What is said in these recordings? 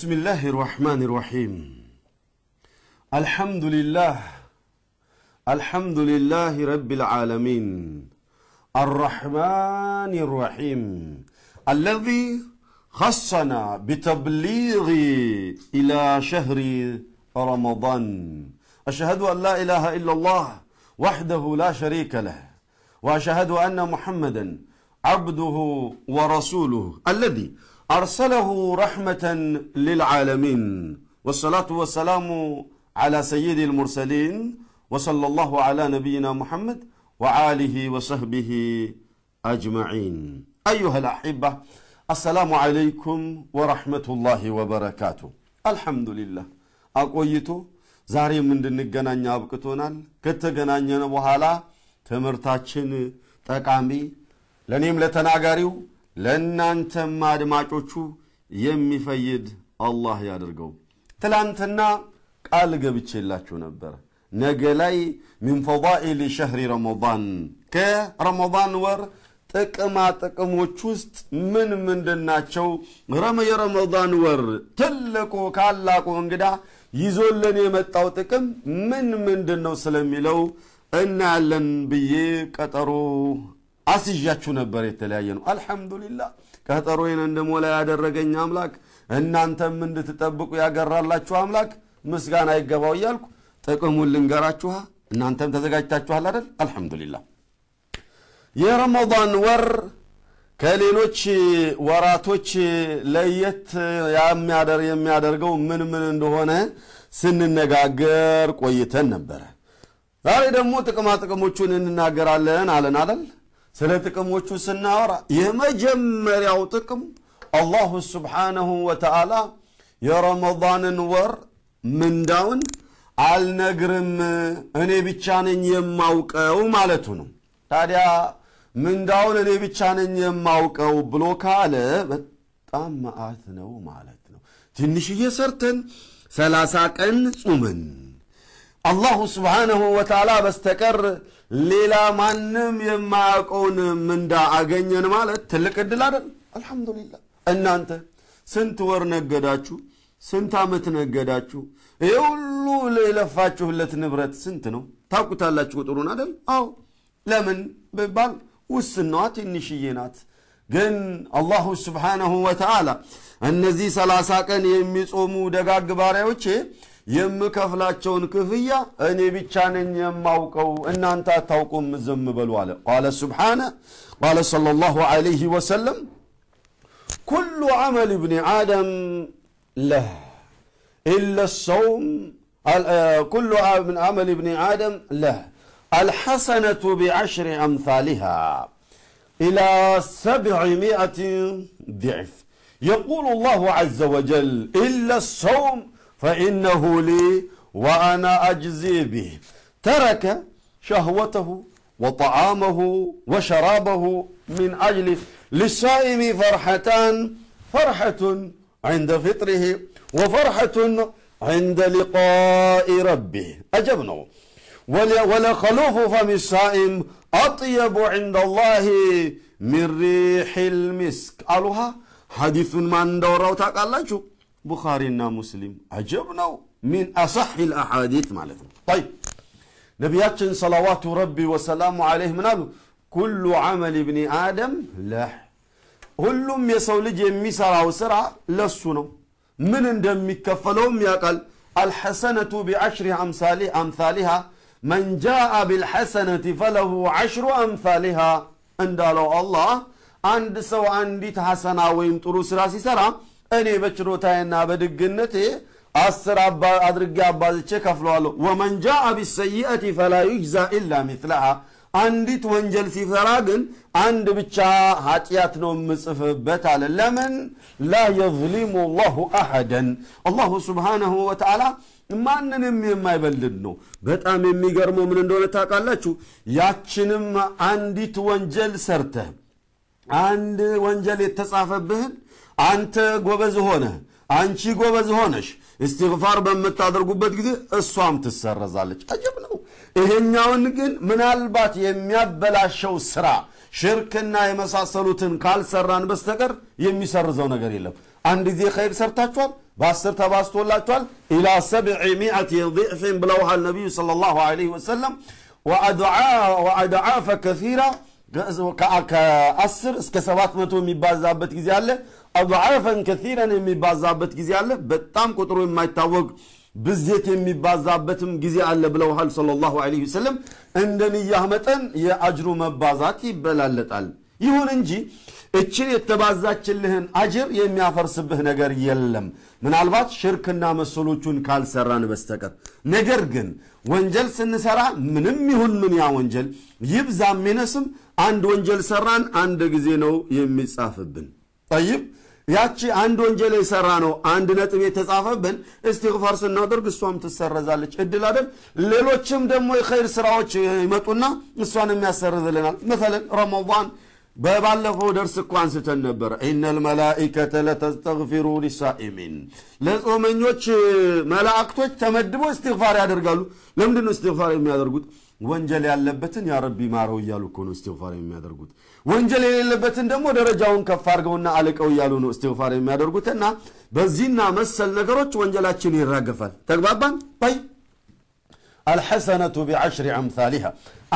بسم الله الرحمن الرحيم الحمد لله الحمد لله رب العالمين الرحمن الرحيم الذي خصنا بتبليغ إلى شهر رمضان أشهد أن لا إله إلا الله وحده لا شريك له وأشهد أن محمدا عبده ورسوله الذي أرسله رحمة للعالمين والصلاة والسلام على سيد المرسلين وصلى الله على نبينا محمد وعاله وصحبه أجمعين أيها الأحبة السلام عليكم ورحمة الله وبركاته الحمد لله أقويتو زاري من دن الجنان ዛሬም እንድንገናኝ አብቅቶናል። ከተገናኘን በኋላ ትምህርታችን ጠቃሚ لنيم ለተናጋሪው ለእናንተም አድማጮቹ የሚፈይድ አላህ ያድርገው። ትላንትና ቃል ገብቼላችሁ ነበር። ነገ ላይ ሚን ፈዳኢል ሸህሪ ረመዳን ከረመዳን ወር ጥቅማ ጥቅሞች ውስጥ ምን ምንድን ናቸው? የረመዳን ወር ትልቁ ካላቁ እንግዳ ይዞልን የመጣው ጥቅም ምን ምንድን ነው ስለሚለው እናያለን ብዬ ቀጠሮ አስይዣችሁ ነበር የተለያየ ነው። አልሐምዱሊላህ ቀጠሮዬን እንደሞላ ያደረገኝ አምላክ እናንተም እንድትጠብቁ ያገራላችሁ አምላክ ምስጋና ይገባው እያልኩ ጥቅሙን ልንገራችኋ። እናንተም ተዘጋጅታችኋል አደል አልሐምዱሊላ የረመን ወር ከሌሎች ወራቶች ለየት የሚያደርገው ምን ምን እንደሆነ ስንነጋገር ቆይተን ነበረ። ዛሬ ደግሞ ጥቅማ ጥቅሞቹን እንናገራለን አለን አለን ስለ ጥቅሞቹ ስናወራ የመጀመሪያው ጥቅም አላሁ ስብሓነሁ ወተዓላ የረመዳንን ወር ምንዳውን አልነግርም እኔ ብቻ ነኝ የማውቀው ማለቱ ነው። ታዲያ ምንዳውን እኔ ብቻ ነኝ የማውቀው ብሎ ካለ በጣም መዓት ነው ማለት ነው። ትንሽዬ ሰርተን ሰላሳ ቀን ጹምን አላሁ ስብሓነሁ ወተዓላ በስተቀር ሌላ ማንም የማያውቀውን ምንዳ አገኘን ማለት ትልቅ እድል አይደል? አልሐምዱሊላህ። እናንተ ስንት ወር ነገዳችሁ? ስንት ዓመት ነገዳችሁ? ይህ ሁሉ የለፋችሁለት ንብረት ስንት ነው? ታውቁታላችሁ ቁጥሩን አይደል? አዎ። ለምን ብባል ውስን ትንሽዬ ናት። ግን አላሁ ስብሓነሁ ወተዓላ እነዚህ ሰላሳ ቀን የሚጾሙ ደጋግ ባሪያዎቼ የምከፍላቸውን ክፍያ እኔ ብቻ ነኝ የማውቀው እናንተ አታውቁም ዝም በሉ አለ ቃለ ስብሓነ ቃለ صለ ላሁ ዐለይህ ወሰለም ኩሉ ዐመል እብኒ አደም ለህ ኢለ ሰውም ኩሉ ዐመል እብኒ አደም ለህ الحسنة بعشر أمثالها إلى سبعمائة ضعف يقول الله عز وجل إلا الصوم فإنه لي وأنا أجزي به ترك شهوته وطعامه وشرابه من أجل للصائم فرحتان فرحة عند فطره وفرحة عند لقاء ربه أجبنا ولخلوف فم الصائم أطيب عند الله من ريح المسك قالوها حديث من دوره تقال بخارينا مسلم عجبنا من أصح الأحاديث معلفنا طيب نبيات صلوات ربي وسلام عليه منالو كل عمل ابن آدم لا لح هلوم يسولج يميسر أو سرع لسنا من اندم كفلوم يقل الحسنة بعشر أمثالها أمثالها من جاء بالحسنة فله عشر أمثالها اندالو الله عند سو عند حسنة ويمتروس راسي سرع እኔ በችሮታዬና በድግነት አስር አድርጌ አባዝቼ ከፍለዋለሁ። ወመን ጃአ ቢሰይአቲ ፈላ ዩጅዛ ኢላ ሚትለሃ አንዲት ወንጀል ሲሰራ ግን አንድ ብቻ ኃጢአት ነው የምጽፍበት አለ። ለምን ላ የዝሊሙ ላሁ አሐደን አላሁ ስብሓነሁ ወተዓላ ማንንም የማይበልድ ነው። በጣም የሚገርመው ምን እንደሆነ ታውቃላችሁ? ያችንም አንዲት ወንጀል ሰርተህ አንድ ወንጀል የተጻፈብህን አንተ ጎበዝ ሆነ፣ አንቺ ጎበዝ ሆነሽ እስትግፋር በምታደርጉበት ጊዜ እሷም ትሰረዛለች። አጀብ ነው። ይሄኛውን ግን ምናልባት የሚያበላሸው ስራ ሽርክና የመሳሰሉትን ካልሰራን በስተቀር የሚሰርዘው ነገር የለም። አንድ ጊዜ ኸይር ሰርታችኋል፣ በአስር ተባስቶላችኋል። ኢላ ሰብዒ ሚዓት ዲዕፍን ብለውሃል ነቢዩ ሰለላሁ ዐለይሂ ወሰለም ወአድዓፈ ከሲራ ከአስር እስከ ሰባት መቶ የሚባዛበት ጊዜ አለ። አድዓፈን ከሲረን የሚባዛበት ጊዜ አለ። በጣም ቁጥሩ የማይታወቅ ብዜት የሚባዛበትም ጊዜ አለ ብለውሃል ሰለላሁ ዐለይሂ ወሰለም። እንደ ንያህ መጠን የአጅሩ መባዛት ይበላለጣል። ይሁን እንጂ እችን የተባዛችልህን አጅር የሚያፈርስብህ ነገር የለም፣ ምናልባት ሽርክና መሰሎቹን ካልሰራን በስተቀር። ነገር ግን ወንጀል ስንሰራ ምንም ይሁን ምን ያ ወንጀል ይብዛም ይነስም፣ አንድ ወንጀል ሰራን አንድ ጊዜ ነው የሚጻፍብን። ጠይብ ያቺ አንድ ወንጀል የሰራ ነው አንድ ነጥብ የተጻፈብን እስትግፋር ስናደርግ እሷም ትሰረዛለች። እድል አይደል? ሌሎችም ደግሞ የኸይር ስራዎች ይመጡና እሷንም ያሰርዝልናል። መሰለን ረመዳን በባለፈው ደርስ እኮ አንስተን ነበር። ኢነል መላኢከተ ለተስተግፊሩ ሊሳኢሚን ለጾመኞች መላእክቶች ተመድቦ እስትግፋር ያደርጋሉ። ለምንድን ነው እስትግፋር የሚያደርጉት? ወንጀል ያለበትን ያረቢ ማረው እያሉ እኮ ነው እስትግፋር የሚያደርጉት። ወንጀል የሌለበትን ደግሞ ደረጃውን ከፍ አድርገውና አልቀው እያሉ ነው እስትግፋር የሚያደርጉትና በዚህና መሰል ነገሮች ወንጀላችን ይራገፋል። ተግባባን ባይ አልሐሰነቱ ቢዐሽሪ አምሳሊሃ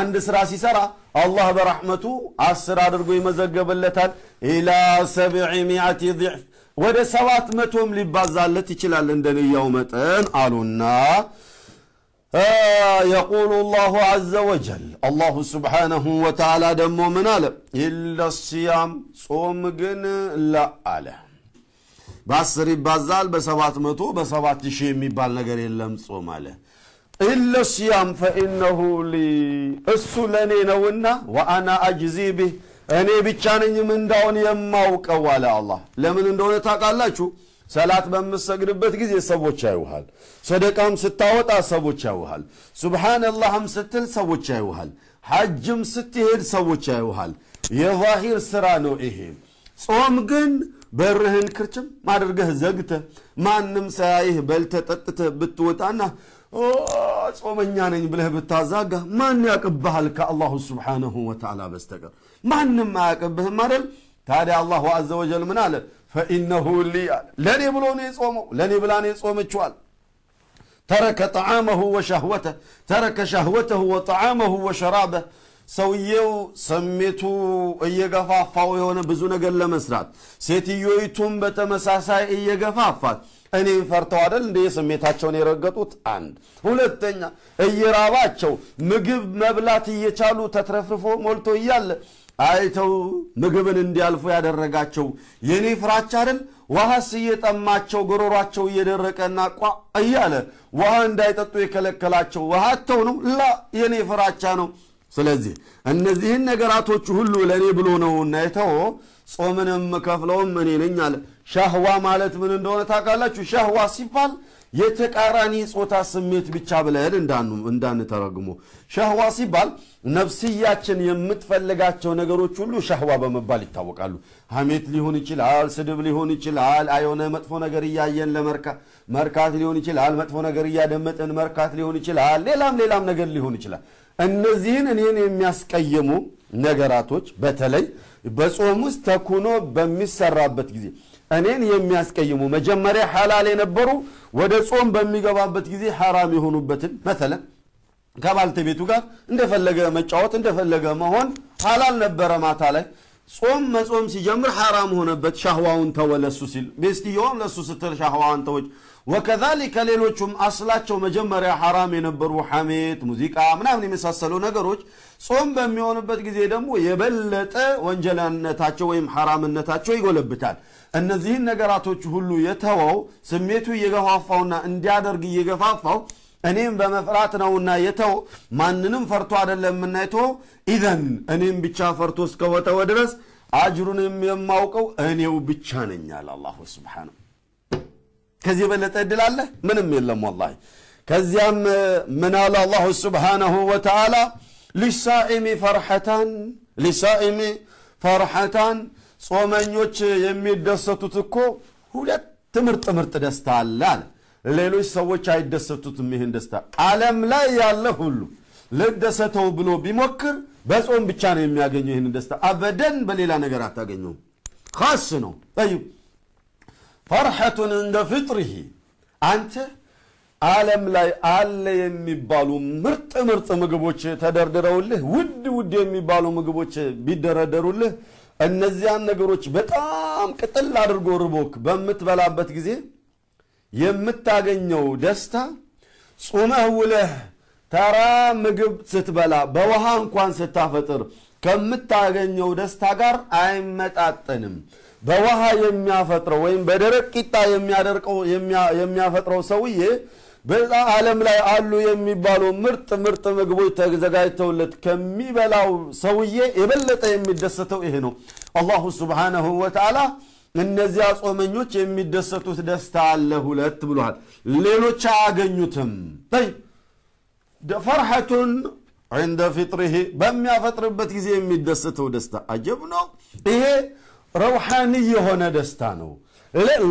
አንድ ስራ ሲሰራ አላህ በረሕመቱ አስር አድርጎ ይመዘገብለታል። ኢላ ሰብዒ ሚዓቲ ضዕፍ ወደ ሰባት መቶም ሊባዛለት ይችላል እንደ ንያው መጠን አሉና የቁሉ ላሁ አዘ ወጀል አላሁ ስብሓነሁ ወተዓላ ደግሞ ምን አለ ኢለ ሲያም ጾም ግን ላ አለ በአስር ይባዛል በሰባት መቶ በሰባት ሺህ የሚባል ነገር የለም ጾም አለ ኢለ ሲያም ፈኢነሁ ሊ እሱ ለእኔ ነውና ወአና አጅዚ ብህ እኔ ብቻ ነኝ ምንዳውን የማውቀው አለ አላህ ለምን እንደሆነ ታውቃላችሁ ሰላት በምሰግድበት ጊዜ ሰዎች ያዩሃል። ሰደቃም ስታወጣ ሰዎች ያዩሃል። ሱብሓነላህም ስትል ሰዎች ያዩሃል። ሐጅም ስትሄድ ሰዎች ያዩሃል። የዛሂር ስራ ነው ይሄ። ጾም ግን በርህን ክርችም ማድርገህ ዘግተህ ማንም ሳያይህ በልተህ ጠጥተህ ብትወጣና ጾመኛ ነኝ ብለህ ብታዛጋ ማን ያቅብሃል ከአላሁ ስብሓነሁ ወተዓላ በስተቀር ማንም አያቅብህም አይደል? ታዲያ አላሁ አዘ ወጀል ምን አለ? ፈኢነሁ ሊ አለ ለእኔ ብሎ ነው የጾመው፣ ለእኔ ብላ ነው የጾመችዋል። ተረከ ጣዓመሁ ወሻህወተ ተረከ ሻህወተሁ ወጣዓመሁ ወሸራበ ሰውየው ስሜቱ እየገፋፋው የሆነ ብዙ ነገር ለመስራት፣ ሴትዮይቱም በተመሳሳይ እየገፋፋት እኔን ፈርተው አደል እንደ ስሜታቸውን የረገጡት። አንድ ሁለተኛ እየራባቸው ምግብ መብላት እየቻሉ ተትረፍርፎ ሞልቶ እያለ አይተው ምግብን እንዲያልፉ ያደረጋቸው የእኔ ፍራቻ አይደል? ውሃስ እየጠማቸው ጎሮሯቸው እየደረቀና ቋ እያለ ውሃ እንዳይጠጡ የከለከላቸው ውሃተው ነው? ላ የእኔ ፍራቻ ነው። ስለዚህ እነዚህን ነገራቶች ሁሉ ለእኔ ብሎ ነው እናይተው ጾምንም ከፍለውም እኔ ነኝ አለ። ሻህዋ ማለት ምን እንደሆነ ታውቃላችሁ? ሻህዋ ሲባል የተቃራኒ ጾታ ስሜት ብቻ ብለን እንዳንተረጉሙ። ሸህዋ ሲባል ነፍስያችን የምትፈልጋቸው ነገሮች ሁሉ ሸህዋ በመባል ይታወቃሉ። ሀሜት ሊሆን ይችላል፣ ስድብ ሊሆን ይችላል፣ የሆነ መጥፎ ነገር እያየን መርካት ሊሆን ይችላል፣ መጥፎ ነገር እያደመጥን መርካት ሊሆን ይችላል፣ ሌላም ሌላም ነገር ሊሆን ይችላል። እነዚህን እኔን የሚያስቀየሙ ነገራቶች በተለይ በጾም ውስጥ ተኩኖ በሚሰራበት ጊዜ እኔን የሚያስቀይሙ መጀመሪያ ሐላል የነበሩ ወደ ጾም በሚገባበት ጊዜ ሐራም የሆኑበትን መተለን ከባልተቤቱ ጋር እንደፈለገ መጫወት እንደፈለገ መሆን ሐላል ነበረ ማታ ላይ ጾም መጾም ሲጀምር ሐራም ሆነበት ሻህዋውን ተወለሱ ለሱ ሲል ሚስትየዋም ለሱ ስትል ሻህዋውን ተወች ወከዛሊከ ሌሎቹም አስላቸው መጀመሪያ ሐራም የነበሩ ሐሜት ሙዚቃ ምናምን የመሳሰሉ ነገሮች ጾም በሚሆንበት ጊዜ ደግሞ የበለጠ ወንጀላነታቸው ወይም ሐራምነታቸው ይጎለብታል እነዚህን ነገራቶች ሁሉ የተወው ስሜቱ እየገፋፋውና እንዲያደርግ እየገፋፋው እኔም በመፍራት ነውና የተው ማንንም ፈርቶ አደለም የተው ኢዘን እኔም ብቻ ፈርቶ እስከወተወ ድረስ አጅሩንም የማውቀው እኔው ብቻ ነኝ አለ አላሁ ስብሓነሁ። ከዚህ የበለጠ እድል አለ? ምንም የለም ወላሂ። ከዚያም ምን አለ አላሁ ስብሓነሁ ወተዓላ ሊሳኢሚ ፈርሐታን ሊሳኢሚ ፈርሐታን ጾመኞች የሚደሰቱት እኮ ሁለት ምርጥ ምርጥ ደስታ አለ አለ ሌሎች ሰዎች አይደሰቱትም። ይህን ደስታ ዓለም ላይ ያለ ሁሉ ልደሰተው ብሎ ቢሞክር በጾም ብቻ ነው የሚያገኘው። ይህን ደስታ አበደን በሌላ ነገር አታገኘውም። ካስ ነው ይ ፈርሐቱን እንደ ፍጥሪሂ አንተ ዓለም ላይ አለ የሚባሉ ምርጥ ምርጥ ምግቦች ተደርድረውልህ ውድ ውድ የሚባሉ ምግቦች ቢደረደሩልህ እነዚያን ነገሮች በጣም ቅጥል አድርጎ ርቦክ በምትበላበት ጊዜ የምታገኘው ደስታ ጾመህ ውለህ ተራ ምግብ ስትበላ በውሃ እንኳን ስታፈጥር ከምታገኘው ደስታ ጋር አይመጣጠንም። በውሃ የሚያፈጥረው ወይም በደረቅ ቂጣ የሚያደርቀው የሚያፈጥረው ሰውዬ ዓለም ላይ አሉ የሚባሉ ምርጥ ምርጥ ምግቦች ተዘጋጅተውለት ከሚበላው ሰውዬ የበለጠ የሚደሰተው ይሄ ነው። አላሁ ሱብሓነሁ ወተዓላ እነዚያ ጾመኞች የሚደሰቱት ደስታ አለ ሁለት ብሏል። ሌሎች አያገኙትም። ፈርሐቱን ዐንደ ፊጥሪህ በሚያፈጥርበት ጊዜ የሚደሰተው ደስታ አጀብ ነው። ይሄ ረውሓኒ የሆነ ደስታ ነው።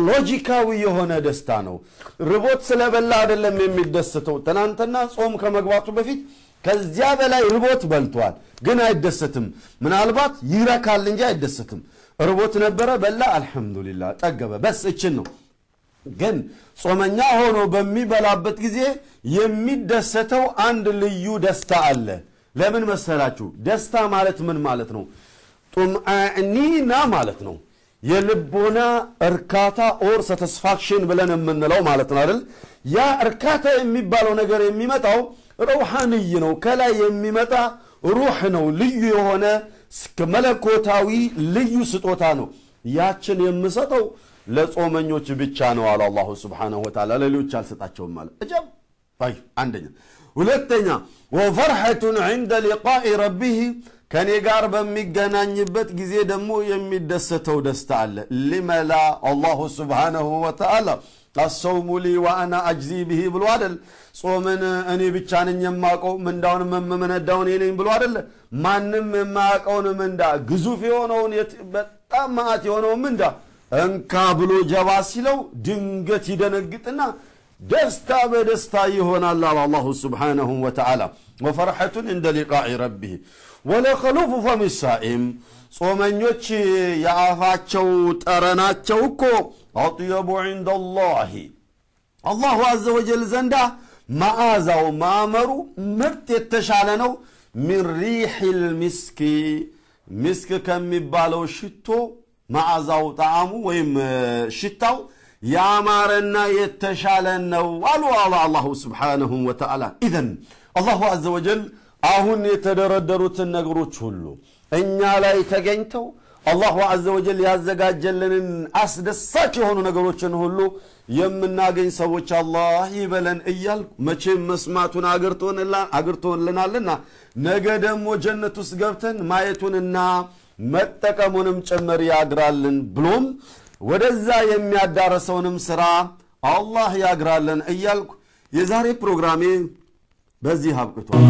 ሎጂካዊ የሆነ ደስታ ነው። ርቦት ስለበላ አይደለም የሚደሰተው። ትናንትና ጾም ከመግባቱ በፊት ከዚያ በላይ ርቦት በልቷል፣ ግን አይደሰትም። ምናልባት ይረካል እንጂ አይደሰትም። ርቦት ነበረ፣ በላ፣ አልሐምዱሊላ ጠገበ። በስ እችን ነው። ግን ጾመኛ ሆኖ በሚበላበት ጊዜ የሚደሰተው አንድ ልዩ ደስታ አለ። ለምን መሰላችሁ? ደስታ ማለት ምን ማለት ነው? ጡምአኒና ማለት ነው። የልቦና እርካታ ኦር ሳቲስፋክሽን ብለን የምንለው ማለት ነው አይደል? ያ እርካታ የሚባለው ነገር የሚመጣው ሩሃንይ ነው። ከላይ የሚመጣ ሩህ ነው። ልዩ የሆነ መለኮታዊ ልዩ ስጦታ ነው። ያችን የምሰጠው ለጾመኞች ብቻ ነው አለ አላሁ ስብሓነሁ ወተዓላ። ለሌሎች አልሰጣቸውም አለ። እጀብ አንደኛ። ሁለተኛ ወፈርሐቱን ዒንደ ሊቃኢ ረቢህ ከኔ ጋር በሚገናኝበት ጊዜ ደግሞ የሚደሰተው ደስታ አለ። ሊመላ አላሁ ስብሓነሁ ወተዓላ አሰውሙ ሊ ዋአና አጅዚ ብሂ ብሎ አደል? ጾምን እኔ ብቻ ነኝ የማውቀው ምንዳውን መመነዳውን የለኝ ብሎ አደለ? ማንም የማያውቀውን ምንዳ ግዙፍ የሆነውን በጣም መዓት የሆነውን ምንዳ እንካ ብሎ ጀባ ሲለው ድንገት ይደነግጥና دستا بدستا يهون الله سبحانه وتعالى وفرحة عند لقاء ربه ولا خلوف فم السائم صومن يوتشي يا فاتشو تراناتشوكو أطيب عند الله الله عز وجل زندا ما آزا وما أمر مرت يتشالنو من ريح المسك مسك كم يبالو شتو ما آزا وطعامو ويم شتو ያማረና የተሻለን ነው አሉ አሉ አላሁ ስብሓንሁ ወተዓላ ኢዘን አላሁ አዘ ወጀል አሁን የተደረደሩትን ነገሮች ሁሉ እኛ ላይ ተገኝተው አላሁ አዘ ወጀል ያዘጋጀልንን አስደሳች የሆኑ ነገሮችን ሁሉ የምናገኝ ሰዎች አላህ ይበለን እያል መቼም መስማቱን አግርቶልናልና ነገ ደግሞ ጀነት ውስጥ ገብተን ማየቱንና መጠቀሙንም ጭምር ያግራልን ብሎም ወደዛ የሚያዳረሰውንም ሥራ አላህ ያግራለን እያልኩ የዛሬ ፕሮግራሜ በዚህ አብቅቷል።